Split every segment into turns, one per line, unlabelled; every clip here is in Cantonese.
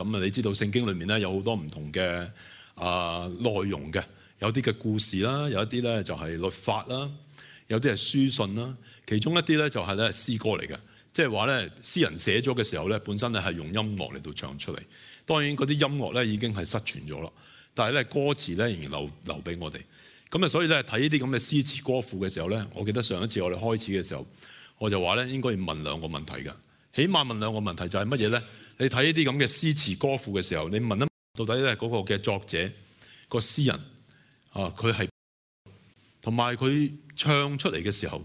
咁啊，你知道聖經裏面咧有好多唔同嘅啊內容嘅，有啲嘅故事啦，有一啲咧就係律法啦，有啲係書信啦，其中一啲咧就係咧詩歌嚟嘅，即係話咧詩人寫咗嘅時候咧，本身咧係用音樂嚟到唱出嚟。當然嗰啲音樂咧已經係失傳咗咯，但係咧歌詞咧仍然留留俾我哋。咁啊，所以咧睇呢啲咁嘅詩詞歌賦嘅時候咧，我記得上一次我哋開始嘅時候，我就話咧應該要問兩個問題㗎，起碼問兩個問題就係乜嘢咧？你睇呢啲咁嘅詩詞歌賦嘅時候，你問一到底咧，嗰個嘅作者、個詩人啊，佢係同埋佢唱出嚟嘅時候，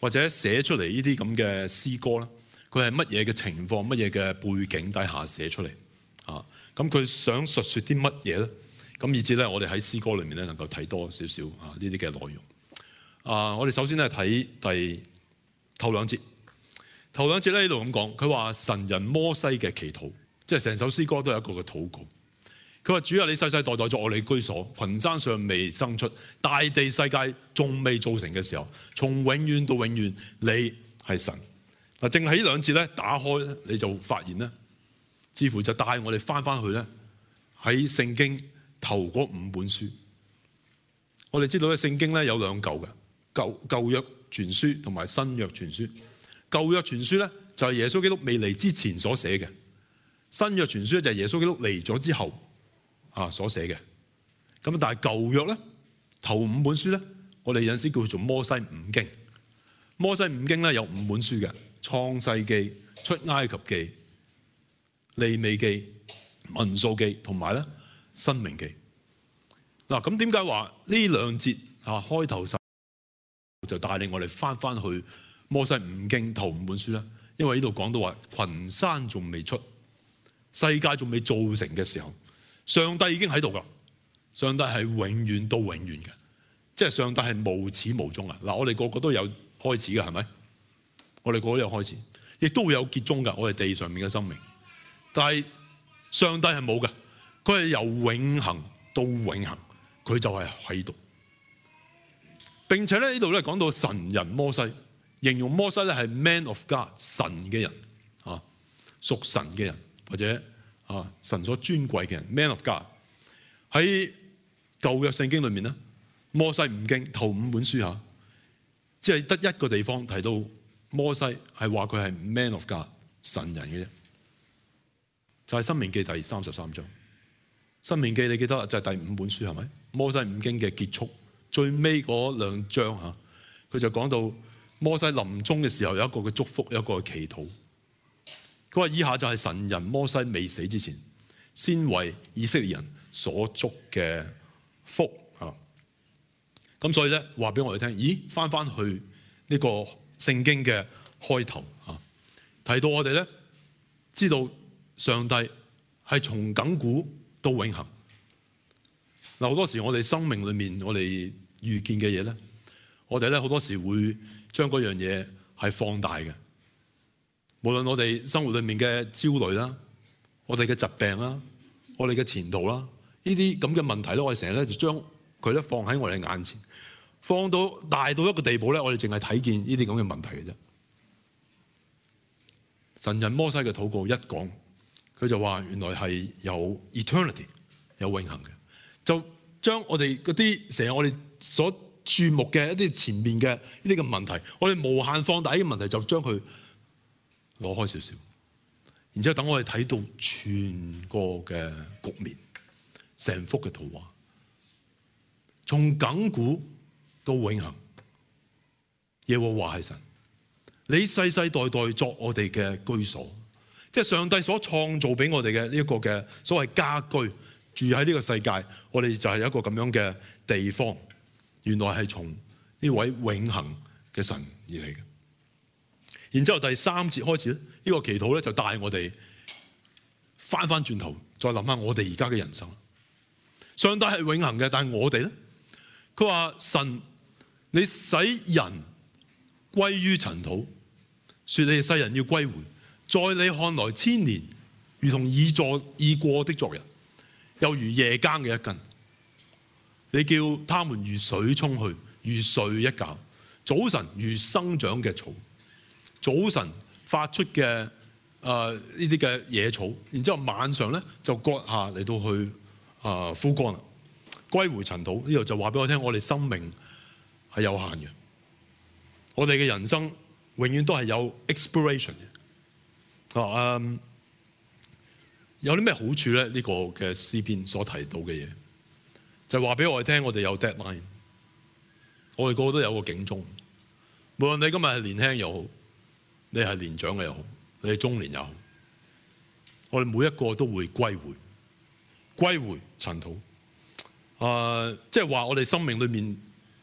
或者寫出嚟呢啲咁嘅詩歌咧，佢係乜嘢嘅情況、乜嘢嘅背景底下寫出嚟啊？咁佢想述説啲乜嘢咧？咁以至咧，我哋喺詩歌裏面咧，能夠睇多少少啊呢啲嘅內容啊！我哋首先咧睇第頭兩節。頭兩節咧喺度咁講，佢話，神人摩西嘅祈禱，即係成首詩歌都有一個嘅禱告。佢話，主啊，你世世代代作我哋居所，群山尚未生出，大地世界仲未造成嘅時候，從永遠到永遠，你係神。嗱，正喺呢兩節咧打開，你就發現咧，似乎就帶我哋翻翻去咧喺聖經頭嗰五本書。我哋知道咧，聖經咧有兩舊嘅舊舊約全書同埋新約全書。舊約傳書咧就係耶穌基督未嚟之前所寫嘅，新約傳書咧就係耶穌基督嚟咗之後啊所寫嘅。咁但係舊約咧頭五本書咧，我哋有時叫做摩西五經。摩西五經咧有五本書嘅：《創世記》、《出埃及記》、《利未記》、《民數記》同埋咧《申命記》。嗱咁點解話呢兩節啊開頭神就帶領我哋翻翻去？摩西五經頭五本書啦，因為呢度講到話群山仲未出，世界仲未造成嘅時候，上帝已經喺度㗎。上帝係永遠到永遠嘅，即係上帝係無始無終啊！嗱，我哋個個都有開始嘅，係咪？我哋個個都有開始，亦都會有結終噶。我哋地上面嘅生命，但係上帝係冇㗎。佢係由永恆到永恆，佢就係喺度，並且咧呢度咧講到神人摩西。形容摩西咧係 man of God 神嘅人啊，屬神嘅人或者啊神所尊貴嘅人 man of God 喺舊約聖經裏面咧，摩西五經頭五本書吓、啊，只係得一個地方提到摩西係話佢係 man of God 神人嘅啫，就係、是《申命記》第三十三章，《申命記》你記得就係第五本書係咪？摩西五經嘅結束最尾嗰兩章吓，佢、啊、就講到。摩西臨終嘅時候有一個嘅祝福，有一個祈禱。佢話以下就係神人摩西未死之前，先為以色列人所祝嘅福吓。咁所以咧，話俾我哋聽，咦，翻翻去呢個聖經嘅開頭吓，提到我哋咧，知道上帝係從亙古到永恆。嗱，好多時候我哋生命裏面我哋遇見嘅嘢咧，我哋咧好多時候會。將嗰樣嘢係放大嘅，無論我哋生活裏面嘅焦慮啦，我哋嘅疾病啦，我哋嘅前途啦，呢啲咁嘅問題咧，我哋成日咧就將佢咧放喺我哋眼前，放到大到一個地步咧，我哋淨係睇見呢啲咁嘅問題嘅啫。神人摩西嘅禱告一講，佢就話原來係有 eternity，有永恆嘅，就將我哋嗰啲成日我哋所注目嘅一啲前面嘅呢啲嘅問題，我哋無限放大呢個問題，就將佢攞開少少，然之後等我哋睇到全個嘅局面，成幅嘅圖畫，從亘古到永恆，耶和華係神，你世世代代作我哋嘅居所，即係上帝所創造俾我哋嘅呢一個嘅所謂家居住喺呢個世界，我哋就係一個咁樣嘅地方。原來係從呢位永恆嘅神而嚟嘅，然之後第三節開始咧，呢個祈禱咧就帶我哋返返轉頭，再諗下我哋而家嘅人生。上帝係永恆嘅，但係我哋咧，佢話神，你使人歸於塵土，說你的世人要歸回，在你看來千年如同已作已過的昨日，又如夜間嘅一更。你叫他們如水沖去，如睡一覺；早晨如生長嘅草，早晨發出嘅誒呢啲嘅野草，然之後晚上咧就割下嚟到去誒枯乾啦，歸、呃、回塵土。呢度就話俾我聽，我哋生命係有限嘅，我哋嘅人生永遠都係有 expiration 嘅。啊，嗯、有啲咩好處咧？呢、這個嘅詩篇所提到嘅嘢。就話俾我哋聽，我哋有 deadline，我哋個個都有個警鐘。無論你今日係年輕又好，你係年長嘅又好，你係中年又好，我哋每一個都會歸回，歸回塵土。誒，即係話我哋生命裏面，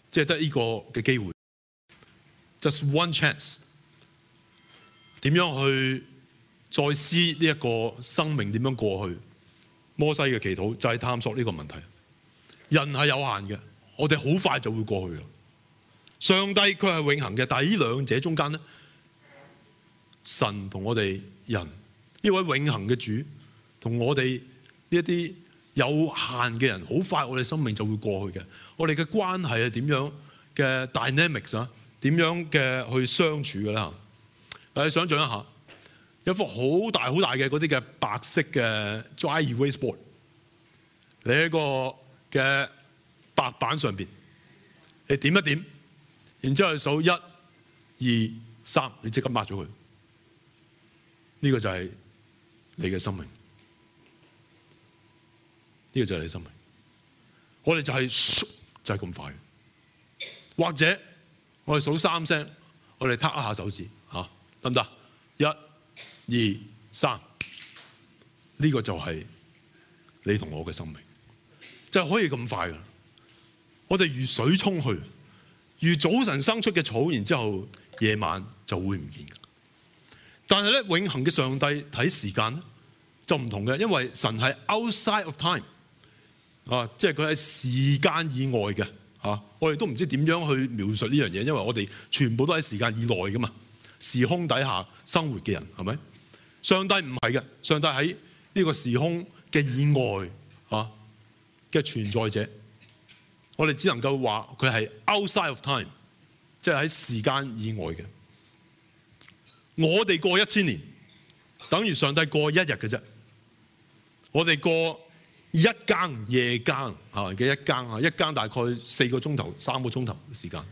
即係得呢個嘅機會，just one chance。點樣去再思呢一個生命點樣過去？摩西嘅祈禱就係探索呢個問題。人係有限嘅，我哋好快就會過去啦。上帝佢係永恆嘅，但係呢兩者中間咧，神同我哋人呢位永恆嘅主同我哋呢一啲有限嘅人，好快我哋生命就會過去嘅。我哋嘅關係係點樣嘅 dynamics 啊？點樣嘅去相處嘅咧？嚇！你想象一下有幅好大好大嘅嗰啲嘅白色嘅 dry erase board，你一個。嘅白板上邊，你點一點，然之後數一、二、三，你即刻抹咗佢。呢個就係你嘅生命，呢、這個就係你嘅生命。我哋就係、是、速，就係、是、咁快。或者我哋數三聲，我哋撻一下手指，吓得唔得？一、二、三，呢個就係你同我嘅生命。就可以咁快噶，我哋如水沖去，如早晨生出嘅草，然之後夜晚就會唔見噶。但係咧，永恒嘅上帝睇時間咧就唔同嘅，因為神係 outside of time，啊，即係佢喺時間以外嘅、啊、我哋都唔知點樣去描述呢樣嘢，因為我哋全部都喺時間內噶嘛，時空底下生活嘅人係咪？上帝唔係嘅，上帝喺呢個時空嘅以外、啊嘅存在者，我哋只能夠話佢係 outside of time，即係喺時間以外嘅。我哋過一千年，等於上帝過一日嘅啫。我哋過一更夜更吓，嘅一更吓一更，大概四個鐘頭、三個鐘頭時,時間。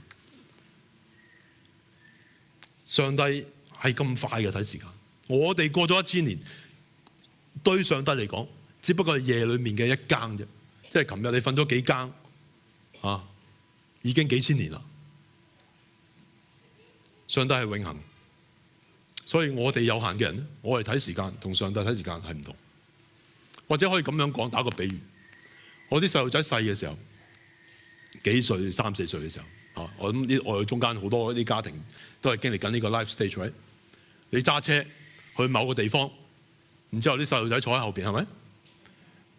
上帝係咁快嘅睇時間，我哋過咗一千年，對上帝嚟講，只不過係夜裏面嘅一更啫。即係琴日你瞓咗幾更啊？已經幾千年啦！上帝係永恆，所以我哋有限嘅人咧，我哋睇時間，同上帝睇時間係唔同。或者可以咁樣講，打個比喻，我啲細路仔細嘅時候，幾歲？三四歲嘅時候啊，我諗啲我哋中間好多啲家庭都係經歷緊呢個 life stage，right？你揸車去某個地方，然之後啲細路仔坐喺後邊，係咪？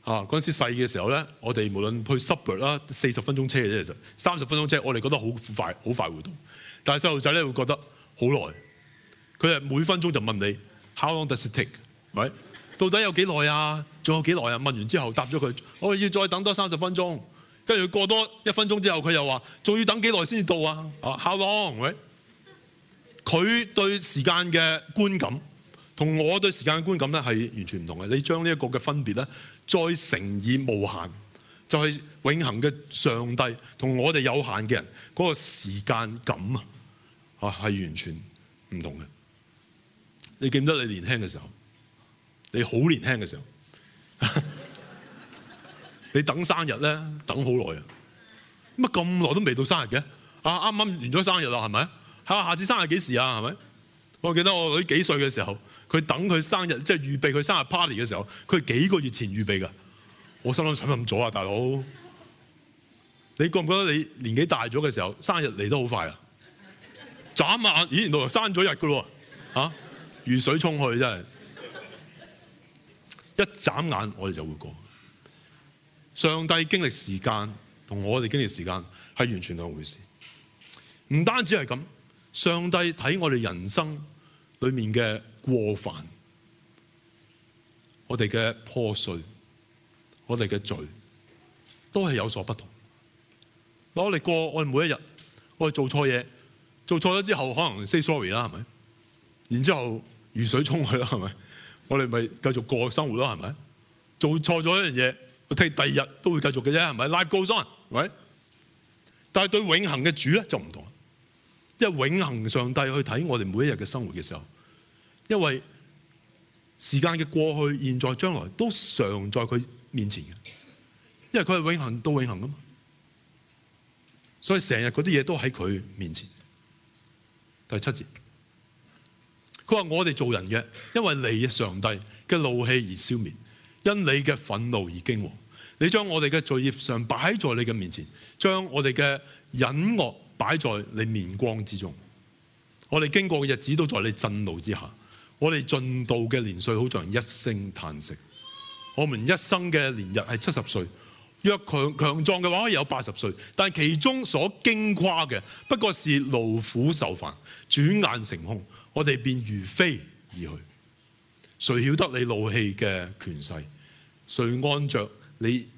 啊！嗰陣時細嘅時候咧，我哋無論去 Suburb 啦，四十分鐘車嘅啫，其實三十分鐘車，我哋覺得好快，好快活動。但係細路仔咧會覺得好耐。佢係每分鐘就問你 How long does it take？喂、right?，到底有幾耐啊？仲有幾耐啊？問完之後答咗佢，我、哦、要再等多三十分鐘。跟住過多一分鐘之後，佢又話仲要等幾耐先至到啊？啊，How long？喂，佢對時間嘅觀感同我對時間嘅觀感咧係完全唔同嘅。你將呢一個嘅分別咧，再誠意無限，就係永恆嘅上帝同我哋有限嘅人嗰個時間感啊，係完全唔同嘅。你記唔得你年輕嘅時候，你好年輕嘅時候， 你等生日咧，等好耐啊！乜咁耐都未到生日嘅？啊，啱啱完咗生日啦，係咪？嚇、啊，下次生日幾時啊？係咪？我記得我女幾歲嘅時候，佢等佢生日，即係預備佢生日 party 嘅時候，佢幾個月前預備㗎。我心諗使唔使咁早啊，大佬？你覺唔覺得你年紀大咗嘅時候，生日嚟得好快啊？眨眼，咦？原來又生咗日㗎咯喎，如、啊、水沖去真係一眨眼，我哋就會過。上帝經歷時間同我哋經歷時間係完全兩回事，唔單止係咁。上帝睇我哋人生裏面嘅過犯，我哋嘅破碎，我哋嘅罪，都係有所不同的。我哋過我哋每一日，我哋做錯嘢，做錯咗之後，可能 say sorry 啦，係咪？然之後雨水沖去啦，係咪？我哋咪繼續過生活啦，係咪？做錯咗一樣嘢，我睇第二日都會繼續嘅啫，係咪？Life goes on，喂。但係對永恆嘅主咧，就唔同。因為永恒上帝去睇我哋每一日嘅生活嘅時候，因為時間嘅過去、現在、將來都常在佢面前嘅，因為佢係永恒到永恒噶嘛，所以成日嗰啲嘢都喺佢面前。第七節，佢話我哋做人嘅，因為你上帝嘅怒氣而消滅，因你嘅憤怒而驚惶。你將我哋嘅罪孽常擺在你嘅面前，將我哋嘅隱惡。擺在你面光之中，我哋經過嘅日子都在你震怒之下，我哋度盡嘅年歲好像一聲嘆息。我們一生嘅年日係七十歲，若強強壯嘅話也有八十歲，但其中所矜誇嘅不過是勞苦愁煩，轉眼成空，我哋便如飛而去。誰曉得你怒氣嘅權勢，誰按著你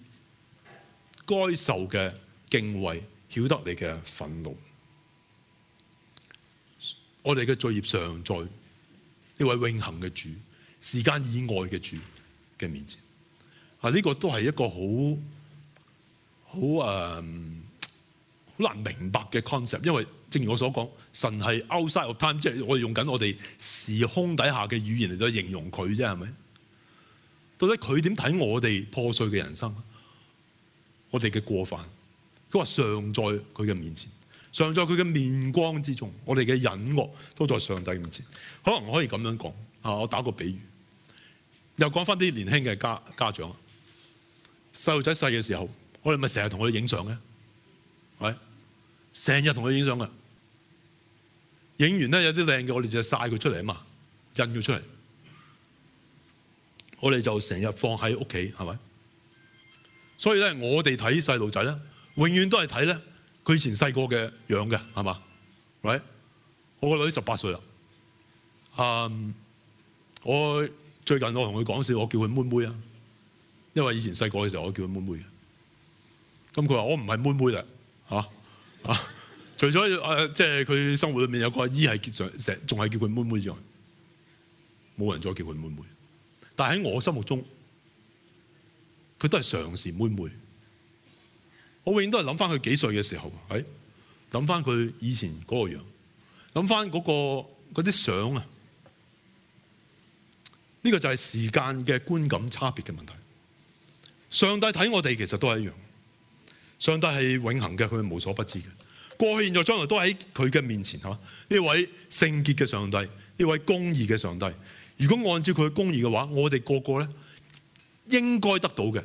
該受嘅敬畏？曉得你嘅憤怒，我哋嘅罪孽常在呢位永恆嘅主、時間以外嘅主嘅面前。啊，呢、這個都係一個好好誒，好、嗯、難明白嘅 concept。因為正如我所講，神係 outside of time，即係我哋用緊我哋時空底下嘅語言嚟到形容佢啫，係咪？到底佢點睇我哋破碎嘅人生，我哋嘅過犯？佢話尚在佢嘅面前，尚在佢嘅面光之中。我哋嘅隱惡都在上帝面前。可能我可以咁樣講啊？我打個比喻，又講翻啲年輕嘅家家長啊，細路仔細嘅時候，我哋咪成日同佢影相咧，係成日同佢影相嘅，影完咧有啲靚嘅，我哋就晒佢出嚟啊嘛，印佢出嚟，我哋就成日放喺屋企，係咪？所以咧，我哋睇細路仔咧。永遠都係睇咧佢以前細個嘅樣嘅，係嘛？喂、right? 我個女十八歲啦。嗯，我最近我同佢講笑，我叫佢妹妹啊，因為以前細個嘅時候我叫佢妹妹。咁佢話我唔係妹妹啦，嚇、啊、嚇， 除咗誒即係佢生活裏面有個阿姨係成日仲係叫佢妹妹之外，冇人再叫佢妹妹。但喺我心目中，佢都係常時妹妹。我永遠都係諗翻佢幾歲嘅時候，喺諗翻佢以前嗰個樣，諗翻嗰個啲相啊。呢個就係時間嘅觀感差別嘅問題。上帝睇我哋其實都係一樣。上帝係永恆嘅，佢係無所不知嘅。過去、現在、將來都喺佢嘅面前嚇。呢位聖潔嘅上帝，呢位公義嘅上帝，如果按照佢嘅公義嘅話，我哋個個咧應該得到嘅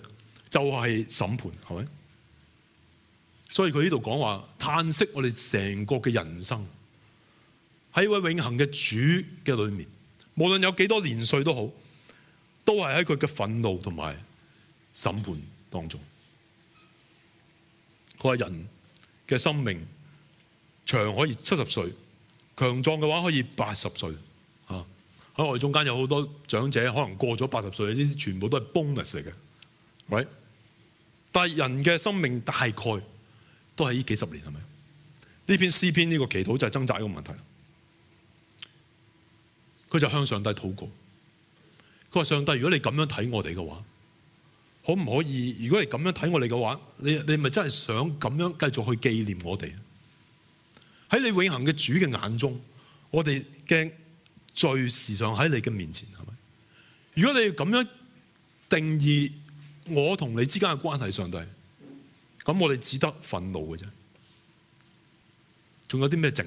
就係審判，係咪？所以佢呢度講話，嘆息我哋成個嘅人生喺一位永恆嘅主嘅裏面，無論有幾多年歲都好，都係喺佢嘅憤怒同埋審判當中。佢話人嘅生命長可以七十歲，強壯嘅話可以八十歲。嚇，喺我哋中間有好多長者，可能過咗八十歲，呢啲全部都係 bonus 嚟嘅。喂，right？但係人嘅生命大概～都係呢幾十年係咪？呢篇詩篇呢個祈禱就係掙扎一個問題。佢就向上帝禱告，佢話：上帝，如果你咁樣睇我哋嘅話，可唔可以？如果你咁樣睇我哋嘅話，你你咪真係想咁樣繼續去紀念我哋？喺你永恆嘅主嘅眼中，我哋嘅罪時常喺你嘅面前，係咪？如果你要咁樣定義我同你之間嘅關係，上帝。咁我哋只得憤怒嘅啫，仲有啲咩剩？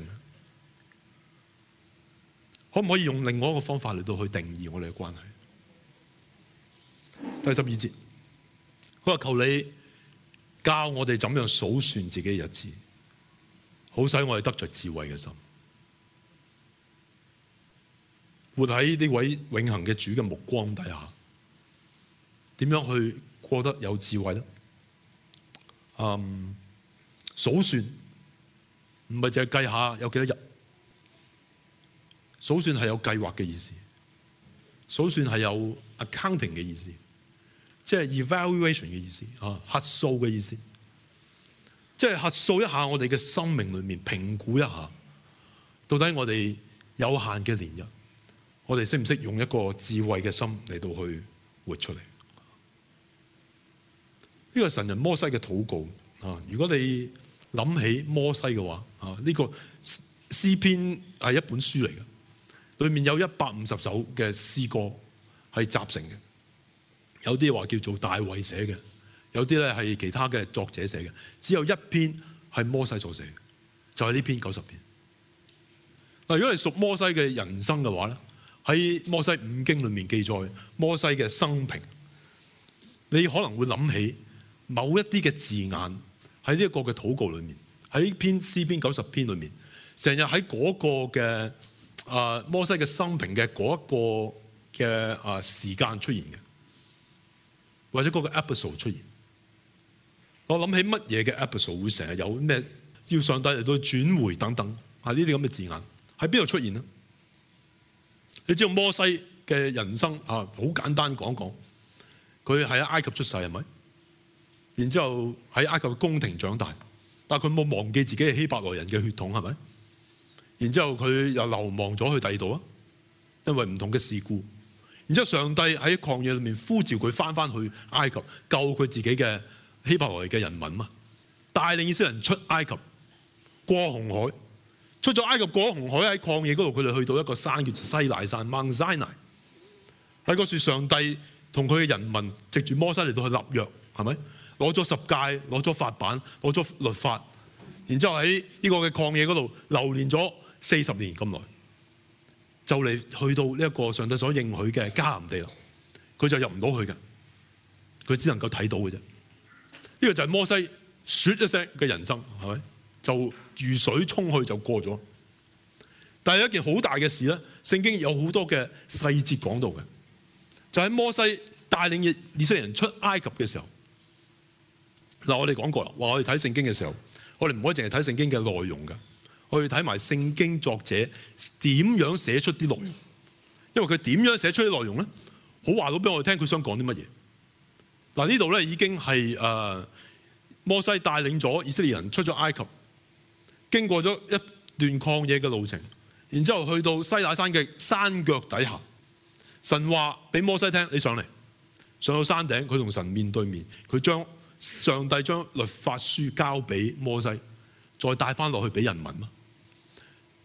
可唔可以用另外一個方法嚟到去定義我哋嘅關係？第十二節，佢話，求你教我哋怎樣數算自己嘅日子，好使我哋得着智慧嘅心，活喺呢位永恆嘅主嘅目光底下，點樣去過得有智慧咧？嗯，數算唔係淨係計下有幾多日，數算係有計劃嘅意思，數算係有 accounting 嘅意思，即係 evaluation 嘅意思，吓，核數嘅意思，即係核數一下我哋嘅生命裏面評估一下，到底我哋有限嘅年日，我哋識唔識用一個智慧嘅心嚟到去活出嚟？呢個神人摩西嘅禱告啊！如果你諗起摩西嘅話啊，呢個詩篇係一本書嚟嘅，裏面有一百五十首嘅詩歌係集成嘅，有啲話叫做大衛寫嘅，有啲咧係其他嘅作者寫嘅，只有一篇係摩西所寫，就係呢篇九十篇。如果你熟摩西嘅人生嘅話咧，喺摩西五經裏面記載摩西嘅生平，你可能會諗起。某一啲嘅字眼喺呢一個嘅禱告裏面，喺篇詩篇九十篇裏面，成日喺嗰個嘅啊摩西嘅生平嘅嗰一個嘅啊時間出現嘅，或者嗰個 episode 出現。我諗起乜嘢嘅 episode 會成日有咩要上帝嚟到轉回等等，係呢啲咁嘅字眼喺邊度出現呢？你知道摩西嘅人生啊，好簡單講講，佢係喺埃及出世係咪？是不是？然之後喺埃及嘅宮廷長大，但係佢冇忘記自己係希伯來人嘅血統係咪？然之後佢又流亡咗去第二度啊，因為唔同嘅事故。然之後上帝喺曠野裏面呼召佢翻翻去埃及救佢自己嘅希伯來嘅人，人民啊，帶領以色列人出埃及過紅海，出咗埃及過紅海，喺曠野嗰度佢哋去到一個山叫西大山 m o n s i n a 喺嗰時上帝同佢嘅人民藉住摩西嚟到去立約，係咪？攞咗十誡，攞咗法版，攞咗律法，然之後喺呢個嘅曠野嗰度流連咗四十年咁耐，就嚟 去到呢一個上帝所應許嘅迦南地啦。佢就入唔到去嘅，佢只能夠睇到嘅啫。呢、這個就係摩西說一聲嘅人生係咪？就如水沖去就過咗。但係有一件好大嘅事咧，聖經有好多嘅細節講到嘅，就喺、是、摩西帶領以色列人出埃及嘅時候。嗱，我哋講過啦，話我哋睇聖經嘅時候，我哋唔可以淨係睇聖經嘅內容噶，我要睇埋聖經作者點樣寫出啲內容，因為佢點樣寫出啲內容咧，好話到俾我哋聽，佢想講啲乜嘢。嗱呢度咧已經係誒、呃、摩西帶領咗以色列人出咗埃及，經過咗一段曠野嘅路程，然之後去到西乃山嘅山腳底下，神話俾摩西聽，你上嚟，上到山頂，佢同神面對面，佢將。上帝將律法書交俾摩西，再帶翻落去俾人民嗎？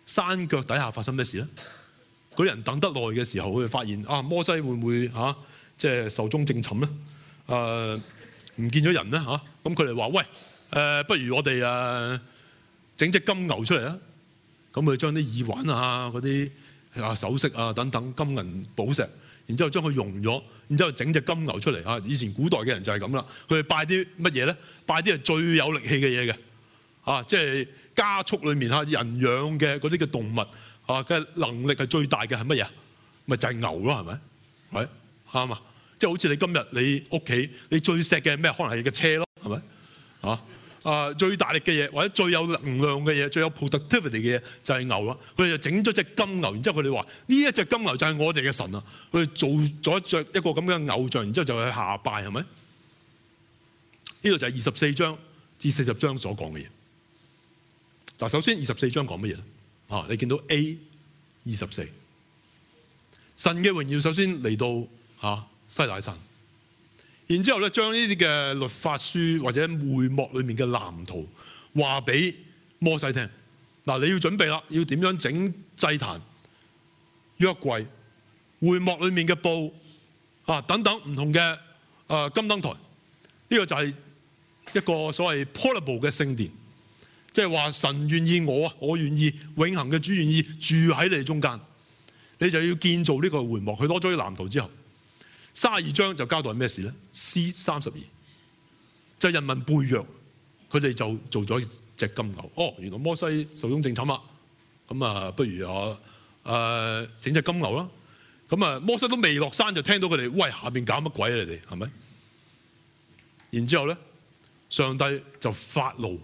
山腳底下發生咩事咧？嗰人等得耐嘅時候，佢哋發現啊，摩西會唔會嚇即係壽終正寢咧？誒、啊，唔見咗人咧嚇。咁佢哋話：喂，誒、啊，不如我哋誒整隻金牛出嚟啊！咁佢將啲耳環啊、嗰啲啊、首飾啊等等金銀寶石，然之後將佢融咗。然之後整隻金牛出嚟嚇，以前古代嘅人就係咁啦，佢哋拜啲乜嘢咧？拜啲係最有力氣嘅嘢嘅嚇，即係家畜裏面嚇，人養嘅嗰啲嘅動物嚇，嘅能力係最大嘅係乜嘢？咪就係牛咯，係咪？係啱啊！即係好似你今日你屋企你最錫嘅咩？可能係你嘅車咯，係咪？啊！啊，最大力嘅嘢或者最有能量嘅嘢、最有 productivity 嘅嘢就係、是、牛啦。佢哋就整咗隻金牛，然之後佢哋話：呢一隻金牛就係我哋嘅神啊！佢哋做咗一隻一個咁嘅偶像，然之後就去下拜，係咪？呢度就係二十四章至四十章所講嘅嘢。嗱，首先二十四章講乜嘢咧？啊，你見到 A 二十四神嘅榮耀，首先嚟到啊西乃山。然之後咧，將呢啲嘅律法書或者會幕裏面嘅藍圖話俾摩西聽。嗱，你要準備啦，要點樣整祭壇、約櫃、會幕裏面嘅布啊，等等唔同嘅誒金燈台。呢、呢個就係一個所謂 Portable 嘅聖殿，即係話神願意我啊，我願意，永恆嘅主願意住喺你中間。你就要建造呢個會幕。佢攞咗啲藍圖之後。三十二章就交代咩事咧？C 三十二就是人民背約，佢哋就做咗隻金牛。哦，原來摩西壽終正寢啦。咁啊，不如啊，誒、呃、整隻金牛啦。咁啊，摩西都未落山就聽到佢哋喂，下邊搞乜鬼啊？你哋係咪？然之後咧，上帝就發怒，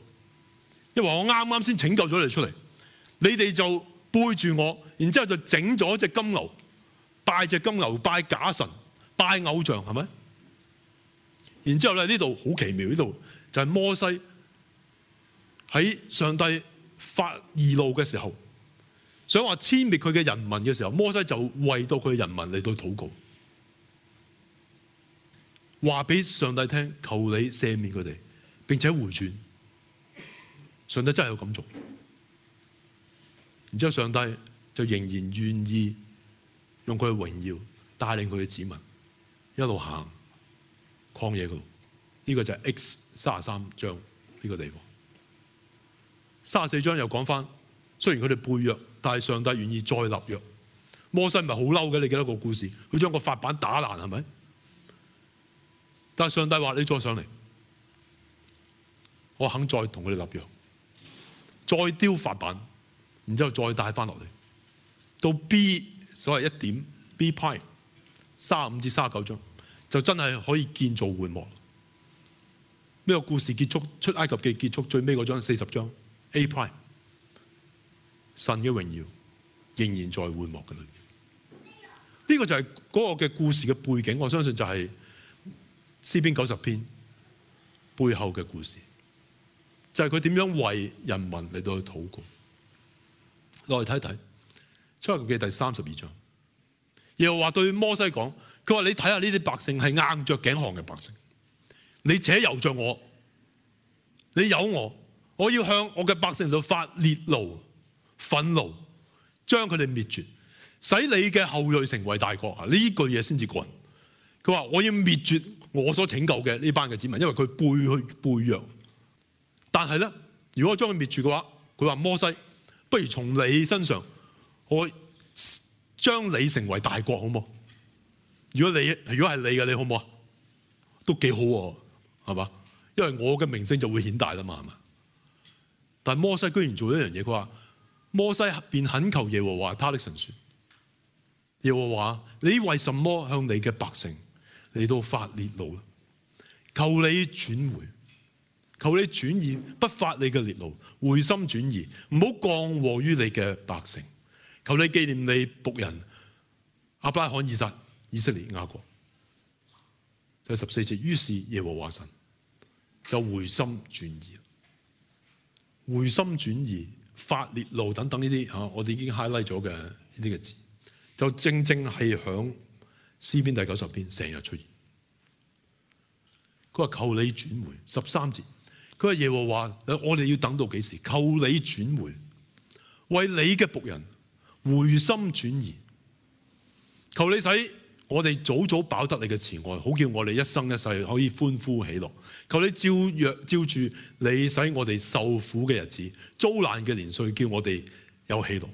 因為我啱啱先拯救咗你哋出嚟，你哋就背住我，然之後就整咗隻金牛，拜隻金牛，拜假神。大偶像係咪？然之後咧呢度好奇妙，呢度就係摩西喺上帝發義怒嘅時候，想話殲滅佢嘅人民嘅時候，摩西就為到佢嘅人民嚟到禱告，話俾上帝聽，求你赦免佢哋，並且回轉。上帝真係有咁做，然之後上帝就仍然願意用佢嘅榮耀帶領佢嘅子民。一路行，曠野嗰度，呢、這個就係 X 三十三章呢個地方。三十四章又講翻，雖然佢哋背約，但係上帝願意再立約。摩西唔係好嬲嘅，你記得個故事，佢將個法版打爛係咪？但係上帝話，你再上嚟，我肯再同佢哋立約，再雕法版，然之後再帶翻落嚟到 B 所謂一點 B p 三十五至三十九章就真係可以建造會幕。呢、這個故事結束，出埃及記結束最尾嗰章四十章 A prime，神嘅榮耀仍然在會幕嘅裏面。呢、這個就係嗰個嘅故事嘅背景，我相信就係詩篇九十篇背後嘅故事，就係佢點樣為人民嚟到去禱告。落嚟睇睇出埃及記第三十二章。又話對摩西講，佢話你睇下呢啲百姓係硬着頸項嘅百姓，你且由着我，你有我，我要向我嘅百姓度發烈怒、憤怒，將佢哋滅絕，使你嘅後裔成為大國啊！呢句嘢先至過人。」佢話我要滅絕我所拯救嘅呢班嘅子民，因為佢背去背約。但係咧，如果我將佢滅絕嘅話，佢話摩西，不如從你身上我。將你成為大國好唔好？如果你如果係你嘅你好唔好？都幾好喎、啊，係嘛？因為我嘅名聲就會顯大啦嘛，係嘛？但摩西居然做咗一樣嘢，佢話摩西便懇求耶和華他的神說耶和華，你為什麼向你嘅百姓嚟到發烈怒呢？求你轉回，求你轉移，不發你嘅烈怒，回心轉意，唔好降禍於你嘅百姓。求你紀念你僕人阿巴罕、以撒、以色列亞國，就十四節。於是耶和華神就回心轉意，回心轉意、發烈怒等等呢啲，我哋已經 highlight 咗嘅呢啲嘅字，就正正係響詩篇第九十篇成日出現。佢話求你轉回，十三節。佢話耶和華，我哋要等到幾時？求你轉回，為你嘅僕人。回心轉意，求你使我哋早早飽得你嘅慈愛，好叫我哋一生一世可以歡呼喜樂。求你照若照住你使我哋受苦嘅日子、遭難嘅年歲，叫我哋有喜樂。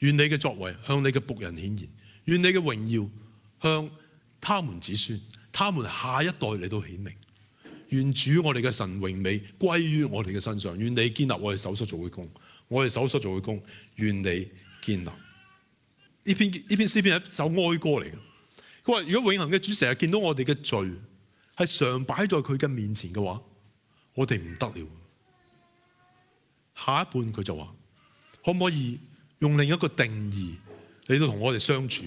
願你嘅作為向你嘅僕人顯現，願你嘅榮耀向他們子孫、他們下一代嚟到顯明。願主我哋嘅神榮美歸於我哋嘅身上，願你建立我哋手所做嘅工。我哋手所做嘅工。願你。建立呢篇呢篇詩篇係一首哀歌嚟嘅。佢話如果永恒嘅主成日見到我哋嘅罪係常擺在佢嘅面前嘅話，我哋唔得了。下一半佢就話，可唔可以用另一個定義嚟到同我哋相處？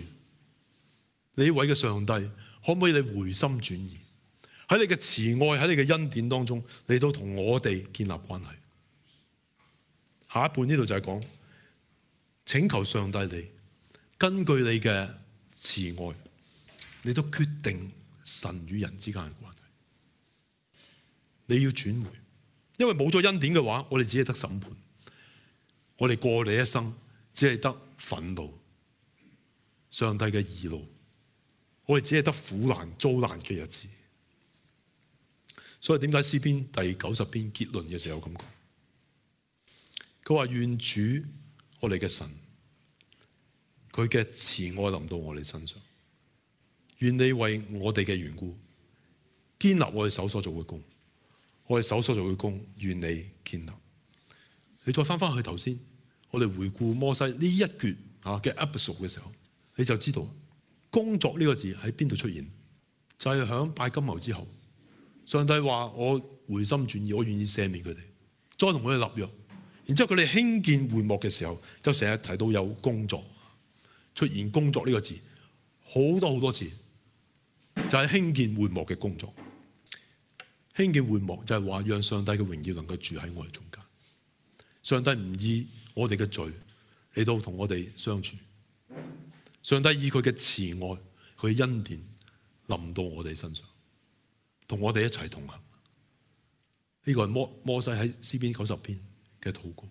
你位嘅上帝，可唔可以你回心轉意，喺你嘅慈愛喺你嘅恩典當中嚟到同我哋建立關係？下一半呢度就係講。請求上帝，你根據你嘅慈愛，你都決定神與人之間嘅關係。你要轉回，因為冇咗恩典嘅話，我哋只係得審判，我哋過你一生只係得憤怒，上帝嘅義怒，我哋只係得苦難、遭難嘅日子。所以點解詩篇第九十篇結論嘅時候咁講？佢話，願主。我哋嘅神，佢嘅慈愛臨到我哋身上，願你為我哋嘅緣故，建立我哋手所做嘅工。我哋手所做嘅工，願你建立。你再翻翻去頭先，我哋回顧摩西呢一卷啊嘅 episode 嘅時候，你就知道工作呢個字喺邊度出現，就係、是、響拜金牛之後，上帝話我回心轉意，我願意赦免佢哋，再同佢哋立約。然之後，佢哋興建會幕嘅時候，就成日提到有工作出現，工作呢個字好多好多次，就係興建會幕嘅工作。興建會幕就係話，讓上帝嘅榮耀能夠住喺我哋中間。上帝唔以我哋嘅罪嚟到同我哋相處，上帝以佢嘅慈愛、佢嘅恩典臨到我哋身上，同我哋一齊同行。呢個係摩摩西喺詩篇九十篇嘅禱告，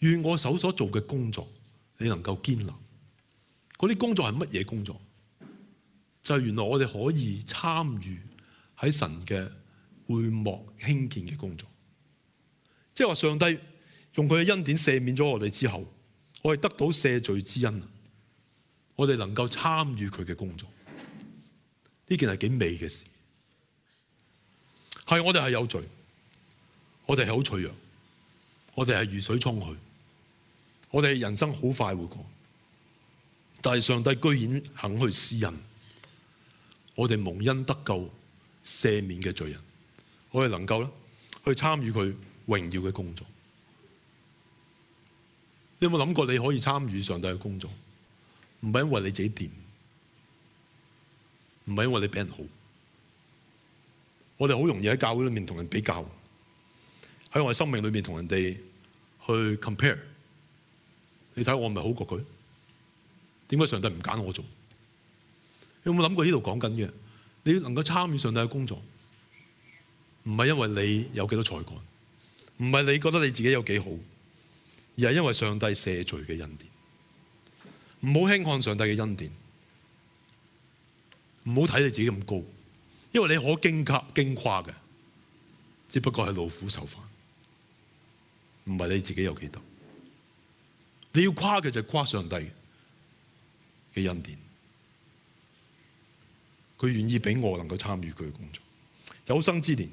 願我手所做嘅工作，你能夠堅立。嗰啲工作係乜嘢工作？就係原來我哋可以參與喺神嘅會幕興建嘅工作，即係話上帝用佢嘅恩典赦免咗我哋之後，我哋得到赦罪之恩，我哋能夠參與佢嘅工作。呢件係幾美嘅事，係我哋係有罪，我哋係好脆弱。我哋係如水沖去，我哋人生好快會過，但係上帝居然肯去施恩，我哋蒙恩得救、赦免嘅罪人，我哋能夠去參與佢榮耀嘅工作。你有冇諗過你可以參與上帝嘅工作？唔係因為你自己掂，唔係因為你比人好，我哋好容易喺教會裏面同人比較。喺我的生命裏面同人哋去 compare，你睇我唔係好過佢？點解上帝唔揀我做？你有冇諗過呢度講緊嘅？你能夠參與上帝嘅工作，唔係因為你有幾多才幹，唔係你覺得你自己有幾好，而係因為上帝赦罪嘅恩典。唔好輕看上帝嘅恩典，唔好睇你自己咁高，因為你可矜誇矜誇嘅，只不過係勞苦愁煩。唔係你自己有幾多？你要誇嘅就係誇上帝嘅恩典，佢願意俾我能夠參與佢嘅工作。有生之年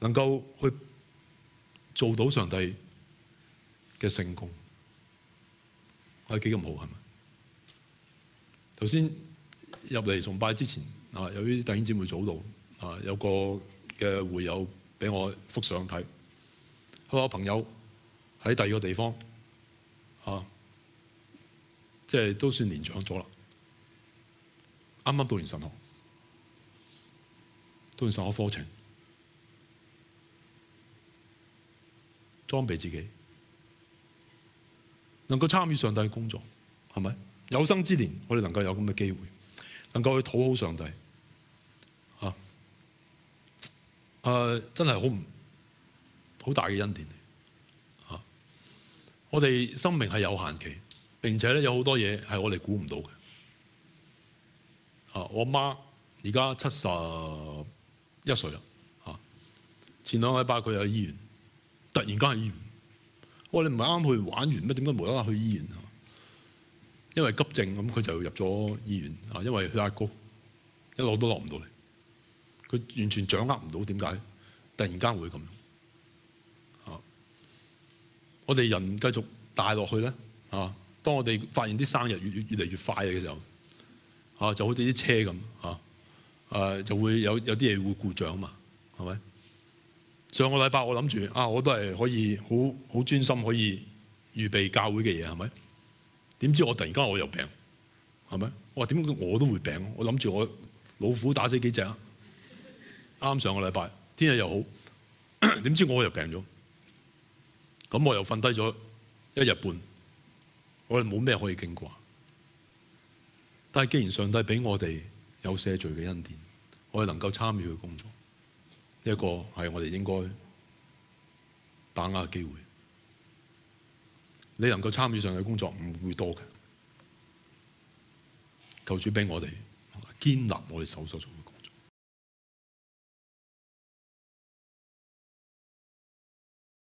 能夠去做到上帝嘅成功，係幾咁好係嘛？頭先入嚟崇拜之前，有一啲弟兄姊妹早到，有個嘅會友俾我覆相睇。我朋友喺第二個地方，啊，即係都算年長咗啦。啱啱讀完神學，讀完神學課程，裝備自己，能夠參與上帝嘅工作，係咪？有生之年，我哋能夠有咁嘅機會，能夠去討好上帝，吓、啊，誒、呃，真係好唔～好大嘅恩典啊！我哋生命係有限期，並且咧有好多嘢係我哋估唔到嘅啊！我媽而家七十一歲啦啊！前兩禮拜佢又去醫院，突然間去醫院。我話你唔係啱去玩完咩？點解冇得去醫院啊？因為急症咁，佢就入咗醫院啊！因為血壓高一路都落唔到嚟，佢完全掌握唔到點解突然間會咁。.我哋人繼續帶落去咧，啊！當我哋發現啲生日越越嚟越，越快嘅時候，啊，就好似啲車咁，啊，誒，就會有有啲嘢會故障啊嘛，係咪？上個禮拜我諗住，啊，我都係可以好好專心可以預備教會嘅嘢，係咪？點知我突然間我又病，係咪？我話點解我都會病？我諗住我老虎打死幾隻啊？啱上個禮拜天日又好，點知我又病咗。咁我又瞓低咗一日半，我哋冇咩可以牽掛。但既然上帝畀我哋有赦罪嘅恩典，我哋能夠參與嘅工作，呢個係我哋應該把握嘅機會。你能夠參與上帝嘅工作，唔會多嘅。求主畀我哋堅立我哋手所